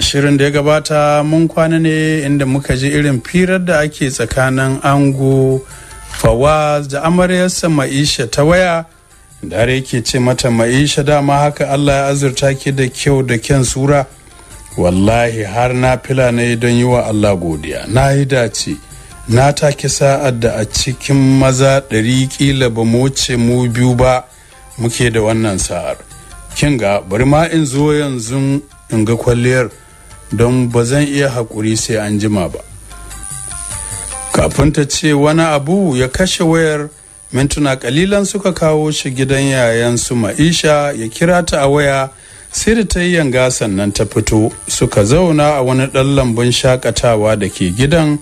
shirin da ya gabata mun kwana ne inda muka ji irin firar da ake tsakanin ango fawaz da amaryarsa ma'isha ta waya da har yake ce mata ma'isha dama haka allah ya azurta ki da kyau da kyan sura wallahi har na fila ne don yi wa allah godiya na yi dace na take sa'ad da a cikin maza ɗari ƙila ba mu wuce mu biyu ba muke da wannan sa'ar kin ga bari ma in zo yanzu in ga kwalliyar don ba zan iya haƙuri sai an jima ba kafin ta ce wani abu ya kashe wayar mintuna kalilan suka kawo shi gidan yayan su ma'isha ya kira ta a waya sai da ta yi yanga sannan ta fito suka zauna a wani ɗan lambun shakatawa da ke gidan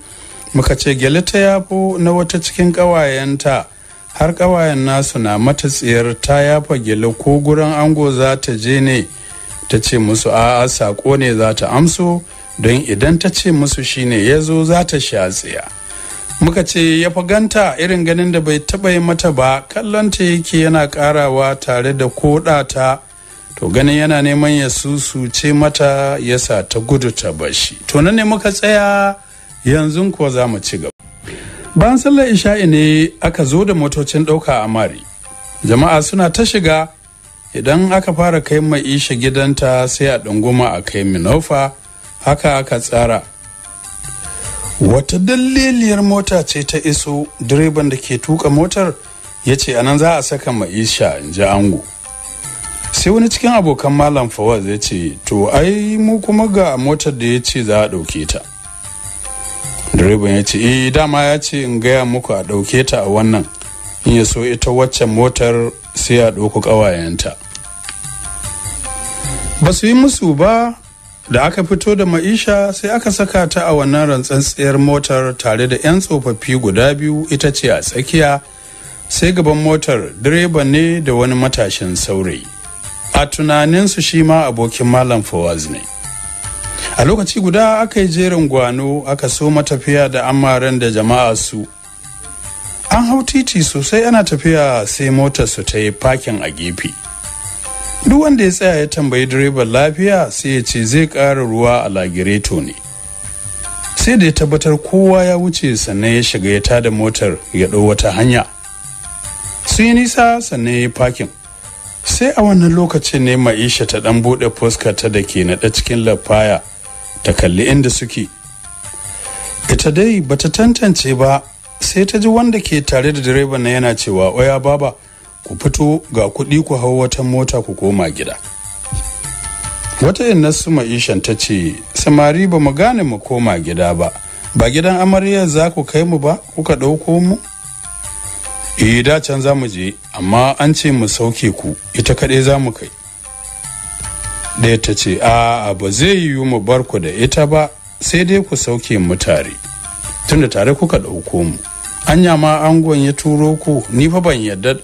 muka ce gyale ta yafo na wata cikin ƙawayenta har ƙawayen nasu na mata tsiyar ta yafa gyale ko guran ango za ta je ne ta ce musu a saƙo ne za ta amso don idan ta ce musu shine ya zo za ta sha tsaya muka ce ya faganta irin ganin da bai taɓa yi mata ba kallon ta yake yana ƙarawa tare da ta to ganin yana neman ya susuce mata ya sa ta gudu ta bashi to nan ne muka tsaya yanzu ko za mu ci gaba bayan sallar isha'i ne aka zo da motocin ɗauka a mari jama'a suna ta shiga idan aka fara kai ma'isha gidanta sai a ɗunguma a kai minofa haka aka tsara wata daliliyar mota ce ta iso direban da ke tuka motar ya ce anan za a saka ma'isha in ji ango sai wani cikin abokan malam fawaz ya ce to ai mu kuma ga motar da ya ce za a ɗauke ta direban ya ce eh dama ya ce in gaya muku a ɗauke ta a wannan in ya so ita waccan motar sai a ɗauko ƙawayenta ba su yi musu ba da aka fito da maisha sai aka saka ta a wannan rantsantsiyar motar tare da 'yan tsofaffi guda biyu ita ce a tsakiya sai gaban motar direba ne da wani matashin saurayi a tunaninsu shi ma abokin malam fawaz ne a lokaci guda aka yi jerin gwano aka so matafiya da amaren da jama'a su an hau titi sosai ana tafiya sai motar su ta yi fakin a gefe duk wanda ya tsaya ya tambayi direban lafiya sai ya ce zai ƙara ruwa a lagireto ne sai da ya tabbatar kowa ya wuce sannan ya shiga ya tada motar ya ɗau wata hanya sun yi nisa sannan ya yi fakin sai a wannan lokacin ne maisha ta ɗan buɗe fuskarta da ke naɗa cikin lafaya ta kalli inda suke ita dai ba ta tantance ba sai ta ji wanda ke tare da direban na yana cewa oya baba ku fito ga kuɗi ku hau wata mota ku koma gida wata yin nasu ma'ishan ta ce samari ba mu gane mu koma gida ba ba gidan amaryar za ku kai mu ba kuka ɗauko mu eh da can za mu je amma an ce mu sauke ku ita kaɗai za mu kai ɗaya ta ce a'a ba zai yiwu mu bar ku da ita ba sai dai ku sauke mu tare tunda tare kuka ɗauko mu anya ma angon ya turo ku ni fa ban yadda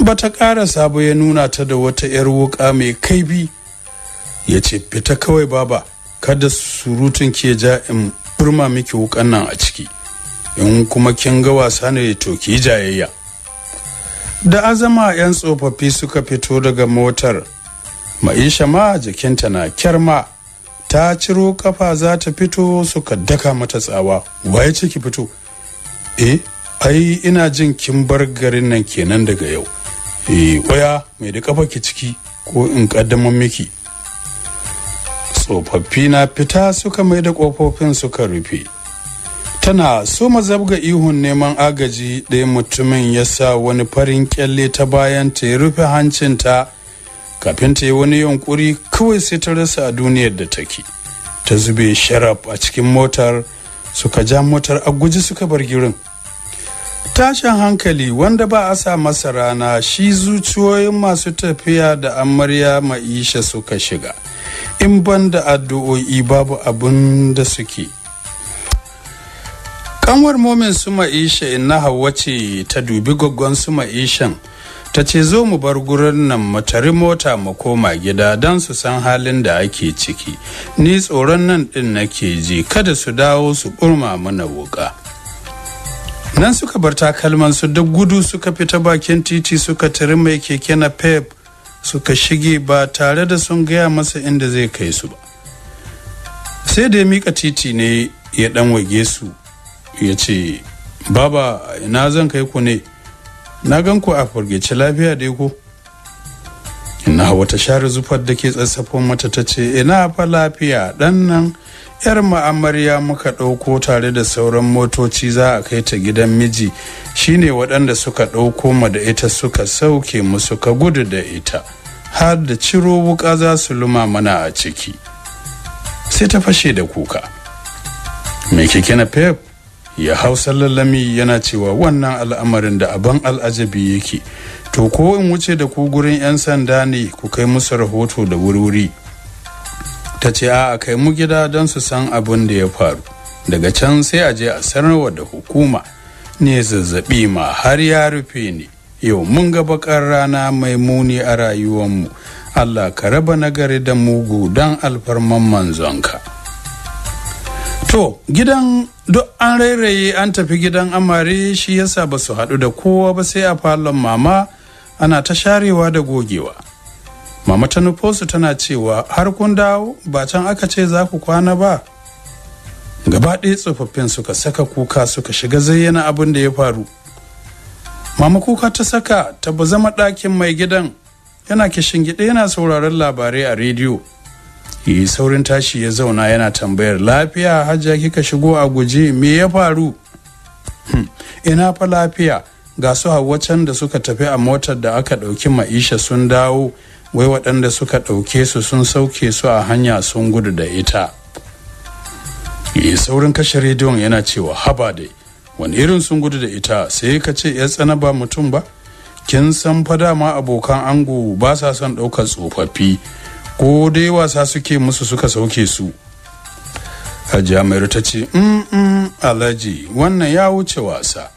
bata ƙara sabo ya nuna ta da wata 'yar wuka mai kaibi ya ce fita kawai baba kada surutun ke ja in burma miki wukan nan a ciki in kuma kin ga wasa ne to ki jayayya da azama 'yan tsofaffi suka fito daga motar maisha ma jikinta na kyarma ta ciro kafa za ta fito suka daka mata tsawa waye ce ki fito eh ai ina jin kin bar garin nan kenan daga yau e ƙwaya mai da ƙafa ki ciki ko in ƙaddamar miki tsofaffi na fita suka mai da kofofin suka rufe tana so mazabga ihun neman agaji ɗaya mutumin ya sa wani farin kyalle ta bayan ta ya rufe hancinta kafin ta yi wani yunkuri kawai sai ta rasa a duniyar da take ta zube sharaf a cikin motar suka ja motar a guji suka bar girin tashin hankali wanda ba a sa masa rana shi zuciyoyin masu tafiya da amarya ma'isha suka shiga in ban da addu'o'i babu abin da suke kanwar momin su ma'isha na hawa ce ta dubi gwaggon su ma'ishan ta ce zo mu bar gurin nan mu tari mota mu koma gida don su san halin da ake ciki ni tsoron nan din nake ji kada su dawo su kurma mana wuka nan suka bar su duk gudu suka fita bakin titi suka tari mai keke na pep suka shige ba tare da sun gaya masa inda zai kai su ba sai da ya mika titi ne ya dan wage su ya ce baba na zan kai ku ne na gan ku a furgeci lafiya da ko ina wata share zufar da ke tsassafon mata ta ce ina fa lafiya dan nan yar ma'amarya muka ɗauko tare da sauran motoci za a kai ta gidan miji shine waɗanda suka ɗauko ma da ita suka sauke mu suka gudu da ita har da ciro wuka za su luma mana a ciki sai ta fashe da kuka mai keke na pep ya hausa lallami yana cewa wannan al'amarin da abin al'ajabi yake to ko in wuce da ku gurin 'yan sanda ne ku kai musu rahoto da wuri-wuri. ta ce a kai mu gida don su san abin da ya faru daga can sai a je a sanarwa da hukuma ne zazzabi ma har ya rufe ni yau mun ga bakar rana mai muni a rayuwanmu allah ka raba nagari da mugu don alfarman manzonka to gidan duk an rairaye an tafi gidan amare shi yasa ba su haɗu da kowa ba sai a falon mama ana ta sharewa da gogewa mama ta nufosu tana cewa har kun dawo ba can aka ce za ku kwana ba gaba ɗaya tsofaffin suka saka kuka suka shiga zayyana abin da ya faru mama kuka ta saka ta ba zama ɗakin mai gidan yana gida yana sauraron labarai a rediyo yi saurin tashi ya zauna yana tambayar lafiya hajja kika shigo a guje me ya faru hmm, ina fa lafiya ga su hawa can da suka tafi a motar da aka ɗauki ma'isha sun dawo wai waɗanda suka ɗauke su sun sauke su a hanya sun gudu da ita saurin kashe rediyon yana cewa haba dai wani irin sun gudu da ita sai ka ce ya tsana ba mutum ba kin san fa dama abokan ango ba sa son ɗaukar tsofaffi ko dai wasa suke musu suka sauke su hajiya mai ta ce mm, mm, alhaji wannan ya wuce wasa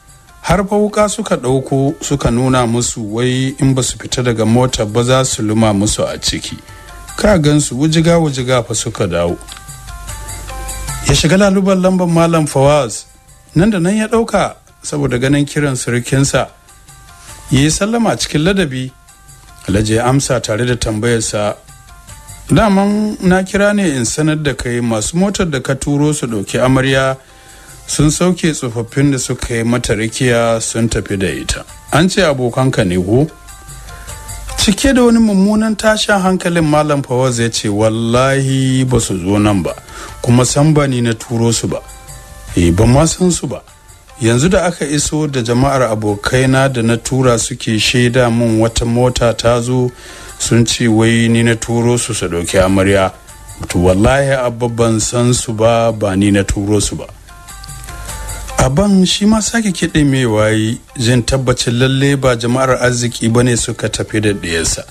har wuka suka ɗauko suka nuna musu wai in ba su fita daga mota ba za su luma musu a ciki ka gansu wujiga wujiga fa suka dawo ya shiga laluban lambar malam fawaz nan da nan ya ɗauka saboda ganin kiran surukinsa ya yi sallama cikin ladabi alhaji ya amsa tare da tambayarsa daman na kira ne in sanar da kai masu motar da ka turo su ɗauki amarya sun sauke tsofaffin da suka yi mata rikiya sun tafi da ita an ce abokanka ne ko cike da wani mummunan tashin hankalin malam fawaz ya ce wallahi ba su zo nan ba kuma san ba ni na turo su ba e ba ma san su ba yanzu da aka iso da jama'ar abokaina da na tura suke shaida min wata mota ta zo sun ce wai ni na turo su su ɗauki amarya to wallahi abba ban san su ba ba ni na turo su ba Aban shi ma sake kiɗe mai wayi jin tabbacin lalle ba jama'ar arziki ba ne suka tafi da ɗayarsa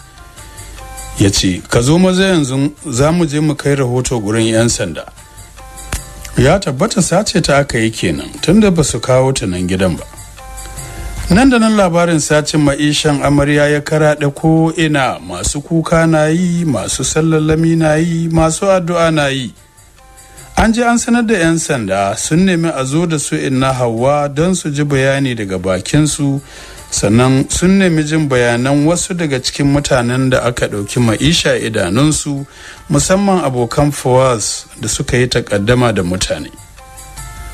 ya ce ka zo maza yanzu za mu je mu kai rahoto gurin 'yan sanda ya tabbata sace ta aka yi kenan tunda ba su kawo ta nan gidan ba nan da nan labarin sacin ma'ishan amarya ya karaɗe ko ina masu kuka na yi masu sallallami na yi masu addu'a na yi an ji an sanar da 'yan sanda sun nemi a zo da su inna hawa don su ji bayani daga bakinsu sannan sun nemi jin bayanan wasu daga cikin mutanen da aka ɗauki ma'isha idanunsu musamman abokan fawaz da suka yi takaddama da mutane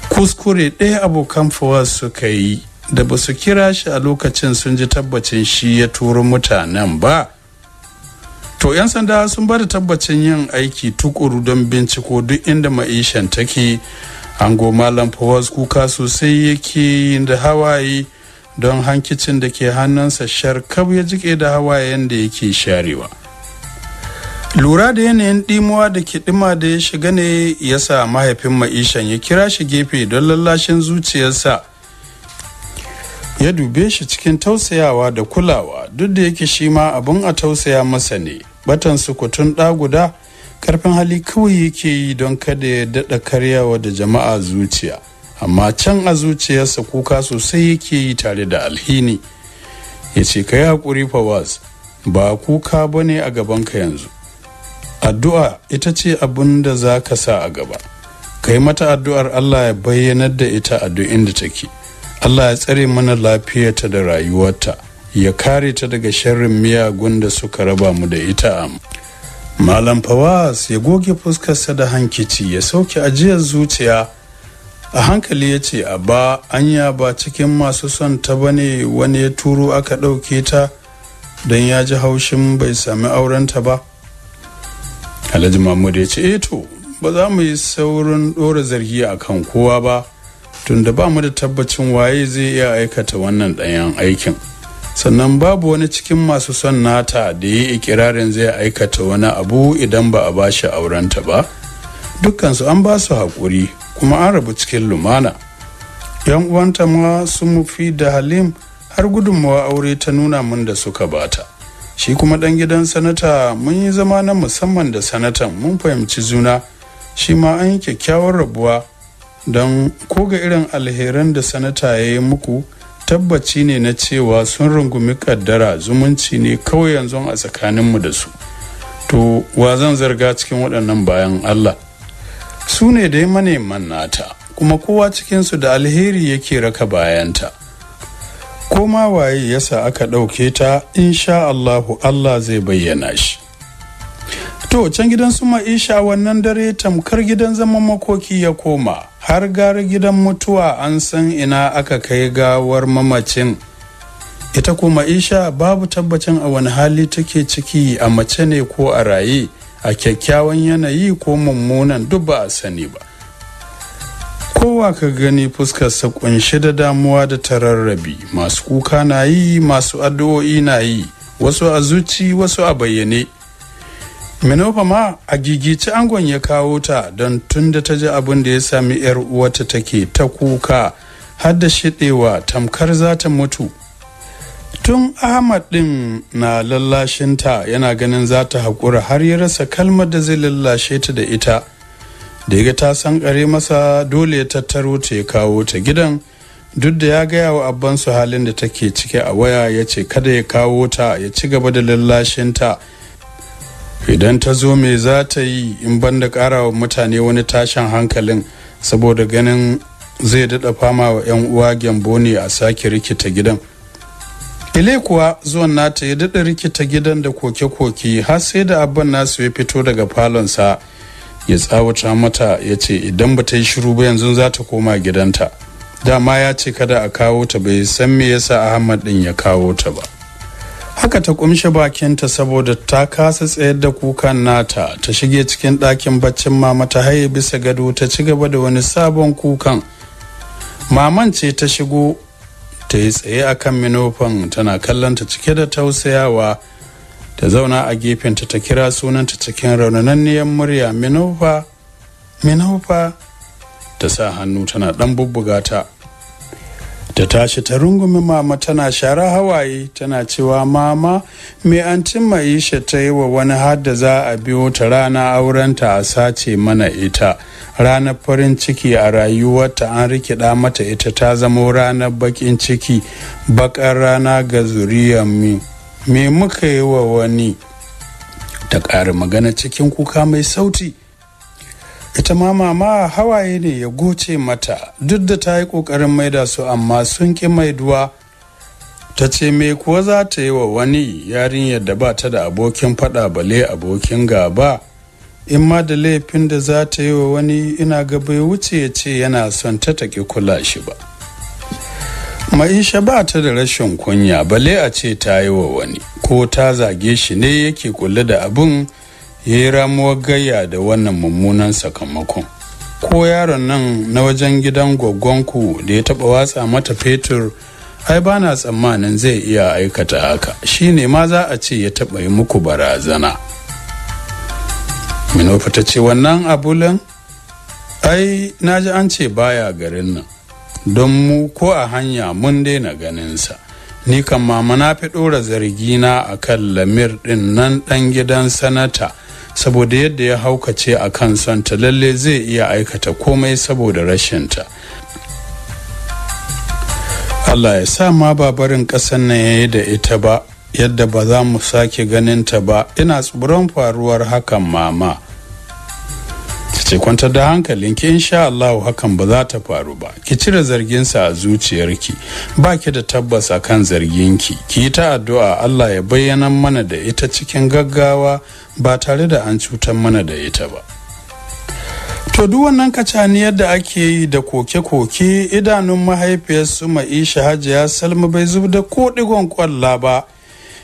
kuskure ɗaya abokan fawaz suka yi da ba su kira shi a lokacin sun ji tabbacin shi ya turo mutanen ba to 'yan sanda sun bada tabbacin yin aiki tukuru don binciko duk inda ma'ishan take ango goma fawaz kuka sosai yake da hawaye don hankicin da ke hannunsa sharkab ya jike da hawayen da yake sharewa lura da yanayin dimuwa da kiɗima da ya shiga ne ya sa mahaifin ma'ishan ya kira shi gefe don lallashin zuciyarsa ya dube shi cikin tausayawa da kulawa duk da yake shima ma abin a tausaya masa ne batan sukutun ɗa guda karfin hali kawai yake yi don kada ya daɗa karyawa da jama'a zuciya amma can a zuciyarsa kuka sosai yake yi tare da alhini ya ce ka yi haƙuri fawaz ba kuka ba ne a gabanka yanzu addu'a ita ce abin da za ka sa a gaba Kai mata addu'ar allah ya bayyanar da ita addu'in da take allah ya tsare mana lafiyarta da rayuwarta ya kare ta daga sharrin miyagun da suka raba mu da ita malam fawas ya goge fuskarsa da hankici ya sauke ajiyar zuciya a hankali ya ce a ba anya ba cikin masu son ta bane wani ya turo aka ɗauke ta don ya ji haushin bai sami aurenta ba alhaji mahmud ya ce eto eh ba za mu yi saurin ɗora zargi a kan kowa ba tunda ba mu da tabbacin waye zai iya aikata wannan ɗayan aikin sannan babu wani cikin masu son nata da ya ikirarin zai aikata wani abu idan ba a ba shi aurenta ba dukkansu an ba su haƙuri kuma an rabu cikin lumana yan uwanta ma sun mufi da halim har gudunmawa aure ta nuna mun da suka bata shi kuma dan gidan sanata mun yi zama na musamman da sanatan mun fahimci juna shi ma an yi kyakkyawar rabuwa don ko ga irin alheran da sanata ya yi muku tabbaci ne na cewa sun rungumi kaddara zumunci ne kawai yanzu a tsakaninmu da su to wa zan zarga cikin waɗannan bayan allah su ne dai maneman nata kuma kowa cikinsu da alheri yake raka bayanta koma waye yasa aka ɗauke ta insha allahu allah zai bayyana shi to can gidan su ma'isha wannan dare tamkar gidan zaman makoki ya koma har gara gidan mutuwa an san ina aka kai gawar mamacin ita kuma isha babu tabbacin a wani hali take ciki a mace ne ko a raye a kyakkyawan yanayi ko mummunan duk ba a sani ba kowa ka gani fuskarsa kunshi da damuwa da tararrabi masu kuka na yi masu addu'o'i na yi wasu a zuci wasu a bayyane Minofa ma a gigici angon ya kawo ta don tun da ta ji abin da ya sami yar uwata take ta kuka har da shiɗewa tamkar za ta mutu. Tun Ahmad din na lallashinta yana ganin za ta haƙura har ya rasa kalmar da zai lallashe ta da ita. Da ya ta san kare masa dole ya tattaro ta ya kawo ta gidan duk da ya gaya wa su halin da take ciki a waya ya ce kada ya kawo ta ya ci gaba da lallashinta. ta idan ta zo me za ta yi in banda kara wa mutane wani tashin hankalin saboda ganin zai daɗa fama wa 'yan uwa gyambo ne a sake rikita gidan ile kuwa zuwan nata ya daɗa rikita gidan da koke-koke har sai da abban nasu ya fito daga falonsa ya tsawata mata ya ce idan ba ta yi shiru ba yanzu za ta koma gidanta dama ya ce kada a kawo ta bai san me yasa ahmad ɗin ya kawo ta ba haka ta kumshi bakinta saboda ta kasa tsayar da kukan nata ta shige cikin ɗakin baccin mama ta haye bisa gado ta ci gaba da wani sabon kukan maman ce ta shigo ta yi tsaye a kan minofan tana kallon ta cike da tausayawa ta zauna a gefenta ta kira sunanta cikin raunananniyar murya minofa minofa ta sa hannu tana ɗan bubbuga ta Da tashi ta rungumi mama tana shara hawaye tana cewa mama me an cimma isha ta yi wa wani da za a biyo ta rana aurenta a sace mana ita ranar farin ciki a rayuwarta an rikida mata ita ta zamo ranar bakin ciki bakar rana ga zuriyar mi me muka yi wa wani ta ƙara magana cikin kuka mai sauti ita ma mama hawaye ne ya goce mata duk da ta yi ƙoƙarin maida su amma sun ƙi maiduwa ta ce me kuwa za ta yi wa wani yarinyar da ba ta da abokin faɗa bale abokin gaba in ma da laifin da za ta yi wa wani ina ga bai wuce ya ce yana son ta taƙi kula shi ba maisha ba ta da rashin kunya bale a ce ta yi wa wani ko ta zage shi ne yake kula da abun ya yi ramuwar gayya da wannan mummunan sakamakon ko yaron nan na wajen gidan gwaggonku da ya taba watsa mata fetur ai ba na tsammanin zai iya aikata haka shi ne ma za a ce ya taba yi muku barazana minofa ta ce wannan abulan ai na ji an ce baya garin nan don mu ko a hanya mun daina ganinsa ni kan mama na fi ɗora zargina a kan lamir ɗin nan ɗan gidan sanata saboda yadda ya haukace a kan santa lalle zai iya aikata komai saboda rashinta allah ya sa ma babarin ƙasar na yayi da ita ba yadda ba za mu sake ganin ta ba ina tsibiran faruwar hakan mama ce kwantar da hankalin ki insha Allah hakan ba za ta faru ba ki cire zargin sa a zuciyarki ba ki da tabbas kan zargin ki ki ta addu'a Allah ya bayyana mana da ita cikin gaggawa ba tare da an cutar mana da ita ba to duk wannan kacaniyar da ake yi da koke-koke idanun mahaifiyar su ma'isha hajiya salma bai zub da ko digon kwalla ba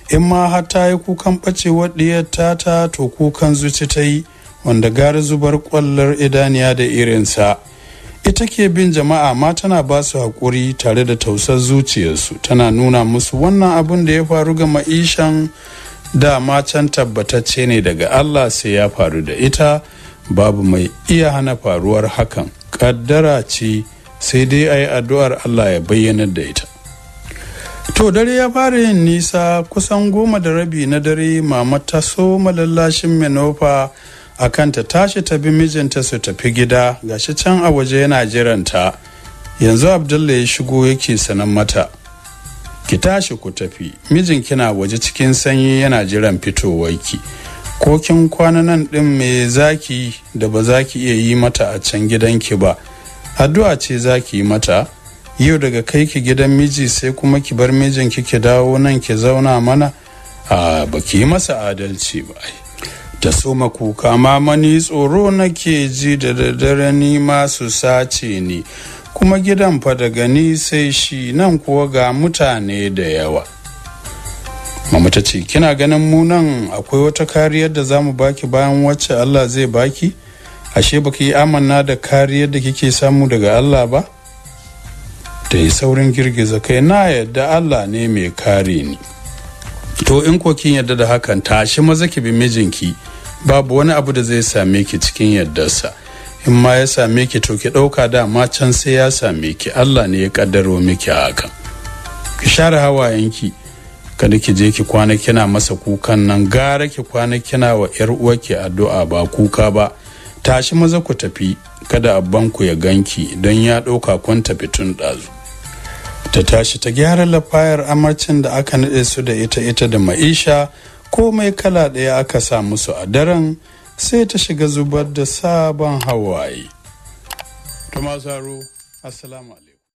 in ma har ta yi kukan bacewar diyar ta to kukan zuci ta yi wanda gara zubar kwallar idaniya da irinsa ita ke bin jama'a ma tana ba su haƙuri tare da tausar zuciyarsu tana nuna musu wannan abin da ya faru ga ma'ishan da ma can tabbatacce ne daga allah sai ya faru da ita babu mai iya hana faruwar hakan kaddara ce sai dai a yi addu'ar allah ya bayyana da ita to dare ya fara yin nisa kusan goma da rabi na dare mama ta so malallashin menofa akan ta tashi ta bi mijinta su tafi gida gashi can a waje yana jiranta yanzu abdulla ya shigo yake sanan mata ki tashi ku tafi mijin kina waje cikin sanyi yana jiran ki. ko kin kwana nan din me zaki da ba zaki iya yi mata a can gidan ki ba addu'a ce zaki yi mata yau daga kai ki gidan miji sai kuma ki bar mijinki ki dawo nan ki zauna mana a baki masa adalci ba ta soma kuka mama ni tsoro nake ji da daddare ni su sace ni kuma gidan fa daga ni sai shi nan kuwa ga mutane da yawa mama ta ce kina ganin mu nan akwai wata kariyar da zamu baki bayan wacce Allah zai baki ashe baki yi amanna da kariyar da kike samu daga Allah ba ta yi saurin girgiza kai na yadda Allah ne mai kare ni to in ko kin yarda da hakan tashi maza ki bi mijinki babu wani abu da zai same ki cikin yaddarsa in ma ya same ki to ki ɗauka dama can sai ya same ki allah ne ya ƙaddaro miki hakan ki share hawayenki kada ki je ki kwana kina masa kukan nan gara ki kwana kina wa yar uwarki addu'a ba kuka ba tashi maza ku tafi kada abban ku ya ganki don ya ɗauka kun tafi tun ɗazu ta tashi ta gyara lafayar amarcin da aka naɗe su da ita ita da ma'isha komai kala ɗaya aka sa musu a daren sai ta shiga zubar da sabon hawaye. Tumasaro, Assalamu